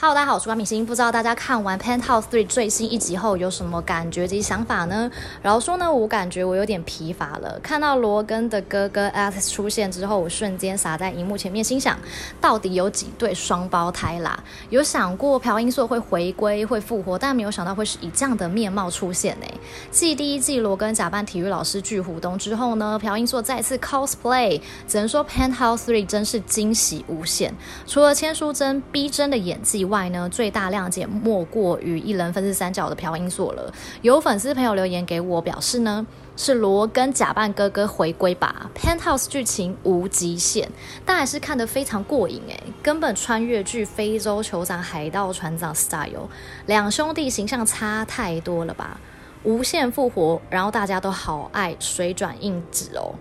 哈嘍，大家好，我是官品心。不知道大家看完《Penthouse Three》最新一集後有什麼感覺及想法呢？然後說呢，我感覺我有點疲乏了。看到羅根的哥哥 Alex、啊、出現之後，我瞬間傻在熒幕前面，心想到底有幾對雙胞胎啦？有想過朴殷碩會回歸、會復活，但沒有想到會是以這樣的面貌出現呢、欸。繼第一季羅根假扮體育老師具浩東之後呢，朴殷碩再次 cosplay，只能說《Penthouse Three》真是驚喜無限。除了千瑞珍逼真的演技。外呢，最大亮點莫過於一人分飾三角的朴殷碩了。有粉絲朋友留言給我表示呢，是羅根假扮哥哥回歸吧？Penthouse 劇情無極限，但還是看得非常過癮誒，根本穿越劇，非洲酋長、海盜船長、style，兩兄弟形象差太多了吧？無限復活，然後大家都好愛水轉印紙哦。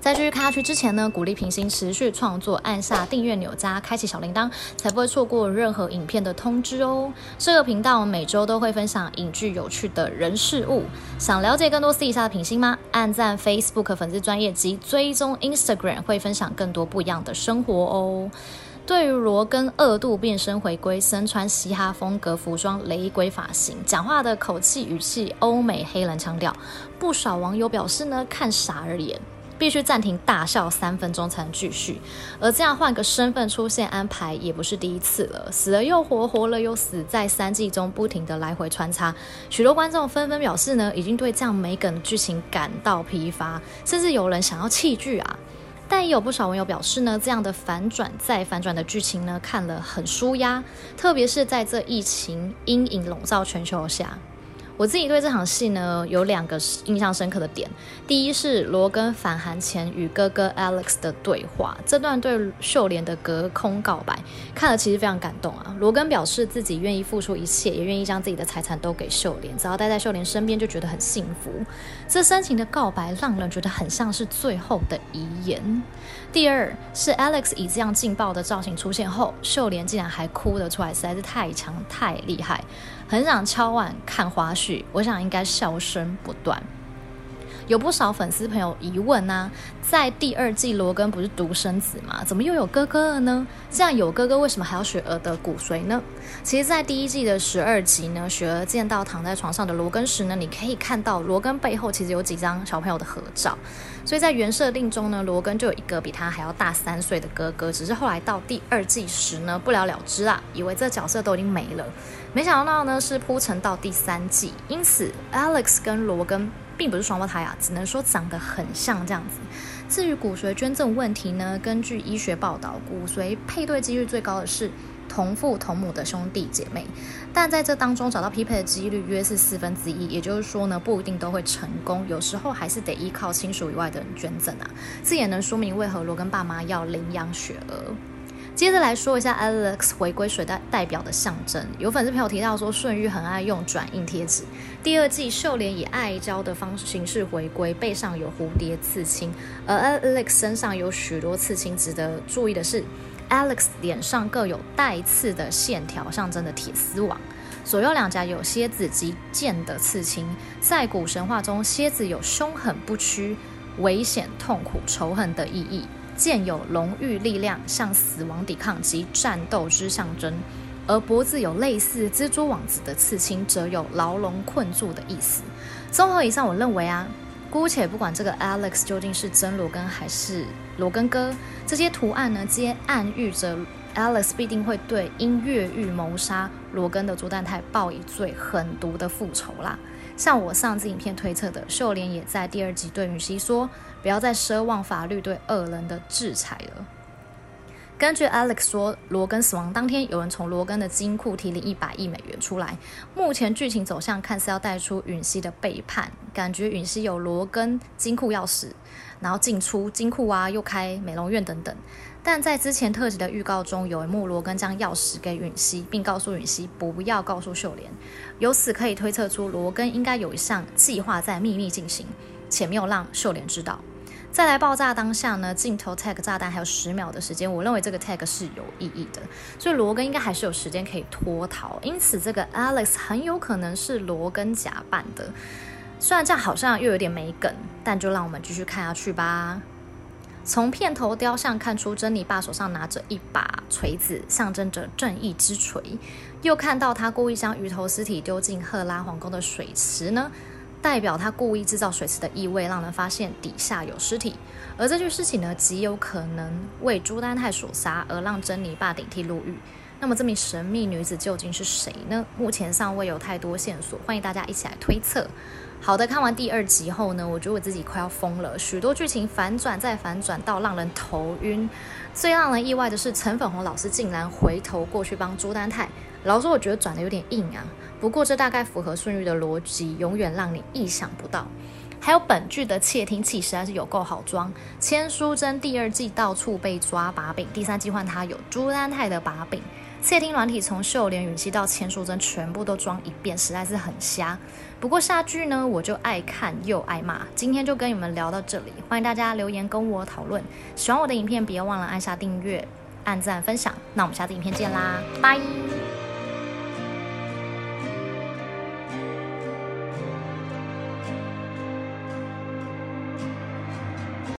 在繼續看下去之前呢，鼓勵品心持續創作，按下訂閱鈕加，開啟小鈴鐺，才不會錯過任何影片的通知哦。這個頻道每周都會分享影劇有趣的人事物，想了解更多私底下的品心嗎？按讚 Facebook 粉絲專頁及追蹤 Instagram，會分享更多不一樣的生活哦。對於羅根二度變身回歸，身穿嘻哈風格服裝、雷鬼髮型，講話的口氣語氣歐美黑人腔調，不少網友表示呢，看傻了眼。必須暫停大笑，三分鐘才能繼續，而這樣換個身份出現安排，也不是第一次了，死了又活，活了又死，在三季中不停的來回穿插，許多觀眾紛紛表示呢，已經對這樣沒梗的劇情感到疲乏，甚至有人想要棄劇啊。但也有不少網友表示呢，這樣的反轉再反轉的劇情呢，看了很舒壓，特別是在這疫情陰影籠罩全球下。我自己對這場戲呢有兩個印象深刻的點，第一是羅根返韓前與哥哥 Alex 的對話，這段對秀蓮的隔空告白，看了其實非常感動啊。羅根表示自己願意付出一切，也願意將自己的財產都給秀蓮，只要待在秀蓮身邊就覺得很幸福。這深情的告白讓人覺得很像是最後的遺言。第二是 Alex 以這樣勁爆的造型出現後，秀蓮竟然還哭得出來，實在是太強太厲害，很想敲碗看花絮。我想應該笑聲不斷，有不少粉絲朋友疑問呢、啊，在第二季羅根不是獨生子嗎？怎麼又有哥哥了呢？這樣有哥哥為什麼還要雪娥的骨髓呢？其實，在第一季的十二集呢，雪娥見到躺在床上的羅根時呢，你可以看到羅根背後其實有幾張小朋友的合照，所以在原設定中呢，羅根就有一個比他還要大三歲的哥哥，只是後來到第二季時呢，不了了之啊，以為這角色都已經沒了。沒想到呢，是鋪陳到第三季，因此 Alex 跟羅根並不是雙胞胎，啊，只能說長得很像這樣子。至於骨髓捐贈問題呢，根據醫學報道，骨髓配對幾率最高的是同父同母的兄弟姐妹，但在這當中找到匹配的幾率約是四分之一，也就是說呢，不一定都會成功，有時候還是得依靠親屬以外的人捐贈啊。這也能說明為何羅根爸媽要領養雪娥。接着來說一下 Alex 回歸水代代表的象徵。有粉絲朋友提到說，順玉很愛用轉印貼紙。第二季秀蓮以愛嬌的方式形式回歸，背上有蝴蝶刺青，而 Alex 身上有許多刺青。值得注意的是，Alex 臉上各有帶刺的線條，象徵的鐵絲網；左右兩頰有蠍子及劍的刺青。在古神話中，蠍子有凶狠不屈、危險、痛苦、仇恨的意義。肩有龍御力量，向死亡抵抗及戰鬥之象徵；而脖子有類似蜘蛛網子的刺青，則有牢籠困住的意思。綜合以上，我認為啊，姑且不管這個 Alex 究竟是真羅根還是羅根哥，這些圖案呢，皆暗喻着 Alex 必定會對因越獄謀殺羅根的朱丹泰報以最狠毒的復仇啦。像我上次影片推測的，秀蓮也在第二集對允熙說：“不要再奢望法律對惡人的制裁了。”根據 Alex 說，羅根死亡當天，有人從羅根的金庫提領一百億美元出來。目前劇情走向看似要帶出允熙的背叛，感覺允熙有羅根金庫鑰匙，然後進出金庫啊，又開美容院等等。但在之前特輯的預告中，有一幕羅根將鑰匙給允熙，並告訴允熙不要告訴秀蓮。由此可以推測出，羅根應該有一項計劃在秘密進行，且沒有讓秀蓮知道。再來爆炸當下呢，鏡頭 tag 炸彈還有十秒的時間，我認為這個 tag 是有意義的，所以羅根應該還是有時間可以脫逃，因此這個 Alex 很有可能是羅根假扮的。雖然這樣好像又有點沒梗，但就讓我們繼續看下去吧。從片頭雕像看出，珍妮爸手上拿着一把錘子，象徵着正義之錘。又看到他故意將魚頭屍體丟進赫拉皇宮的水池呢。代表他故意製造水池的異味，讓人發現底下有屍體，而這具屍體呢極有可能為朱丹泰所殺，而讓珍妮爸頂替入獄。那麼這名神秘女子究竟是誰呢？目前尚未有太多線索，歡迎大家一起來推測。好的，看完第二集後呢，我覺得我自己快要瘋了，許多劇情反轉再反轉到讓人頭暈。最讓人意外的是陳粉紅老師竟然回頭過去幫朱丹泰，老實說，我覺得轉得有點硬啊。不過這大概符合順玉的邏輯，永遠讓你意想不到。還有本劇的竊聽器實在是有夠好裝，千書珍第二季到處被抓把柄，第三季換她有朱丹泰的把柄，竊聽軟體從秀蓮、允熙到千書珍，全部都裝一遍，實在是很瞎。不過下劇呢，我就愛看又愛罵。今天就跟你們聊到這裡，歡迎大家留言跟我討論。喜歡我的影片，別忘了按下訂閱、按讚、分享。那我們下次影片見啦，拜。